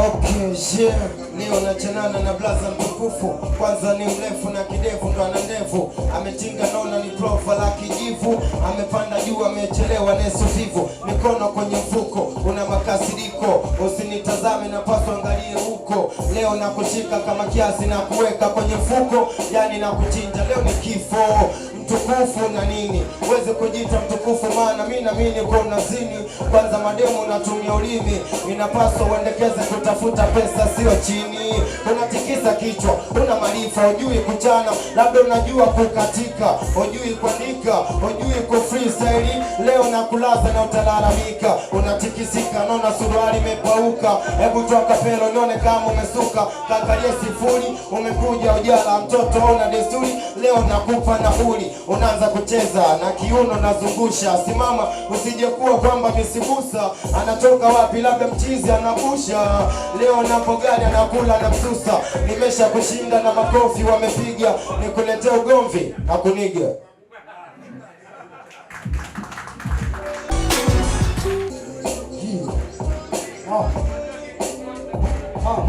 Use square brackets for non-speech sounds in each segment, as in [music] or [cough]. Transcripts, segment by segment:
Okay, yeah. Leo nachanana na blaza mtukufu, kwanza ni mrefu na kidevu ndo ana ndevu, ametinga nona ni profa la kijivu, amepanda juu amechelewa nesu vivu, mikono kwenye mfuko, una makasiriko, usinitazame na angalie huko. Leo nakushika kama kiasi na kuweka kwenye mfuko, yani nakuchinja leo ni kifo mtukufu na nini, uweze kujiita mtukufu, maana mimi naamini kwa unazini kwanza, mademu natumia ulimi, inapaswa uendekeze kutafuta pesa, sio chini. Unatikisa kichwa, una maarifa, hujui kuchana, labda unajua kukatika, hujui kuandika, hujui ku freestyle. Leo nakulaza na utalalamika, unatikisika, naona suruali imepauka. Hebu toka pelo nione kama umesuka, kakalie sifuri, umekuja ujala mtoto, ona desturi, leo nakupa nauli unaanza kucheza na kiuno nazungusha, simama usijekuwa kwamba misibusa anatoka wapi, labda mchizi anabusha. Leo napo gari anakula na msusa, nimesha kushinda na makofi wamepiga, nikuletea ugomvi na kuniga ah. Ah.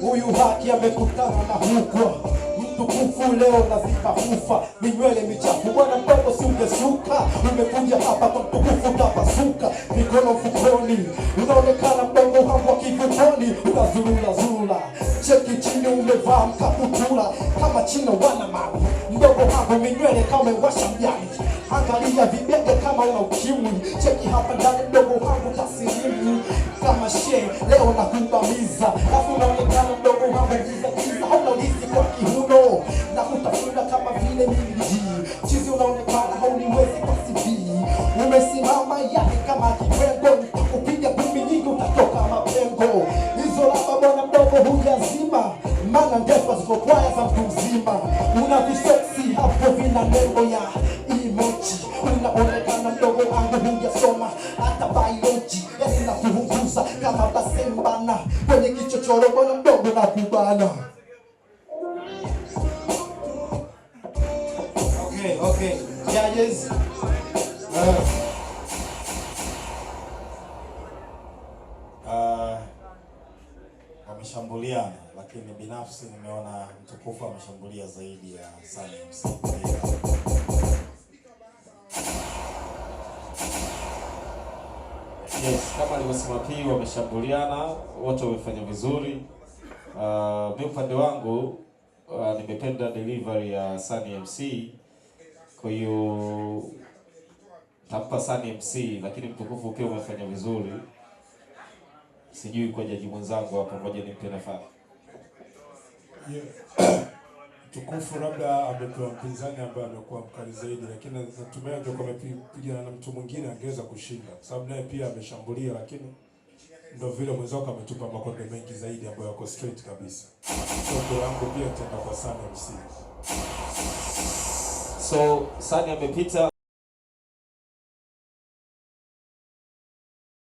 huyu haki amekutana na hukwa mtukufu leo nazika kufa minywele michafu bwana mdogo si ungesuka umekuja hapa kwa mtukufu utapasuka mikono mfukoni unaonekana mdogo hapo kivukoni unazurula zula cheki chini umevaa mkaputula kama chino wana mapu mdogo hapo minywele kama iwasha mjani angalia vibege kama una ukimwi cheki hapa ndani mdogo hapo tasirimu kama shee leo nakumbamiza afu unaonekana mdogo hapo kwanza kuuzima una visoksi hapo vina nembo ya emoji, unaonekana mdogo wangu hujasoma hata biology, yani na kuhunguza kama basembana kwenye kichochoro bwana mdogo na kubana. Okay, okay. Judges. Uh. sana, lakini binafsi nimeona mtukufu ameshambulia zaidi ya Yes, kama alivyosema pii wameshambuliana wote, wamefanya vizuri. Uh, mi upande wangu uh, nimependa delivery ya Sami MC, kwa hiyo tampa Sami MC, lakini mtukufu ukiwa umefanya vizuri. Sijui kwa jaji mwenzangu hapa, ngoja nimpe nafasi. [coughs] tukufu labda amepewa mpinzani ambaye amekuwa mkali zaidi, lakini natumai angekuwa amepigana na mtu mwingine angeweza kushinda, sababu naye pia ameshambulia, lakini ndio vile mwenzako ametupa makonde mengi zaidi ambayo yako straight kabisa. Soko yangu pia tenda kwa sana msingi. So Sani amepita.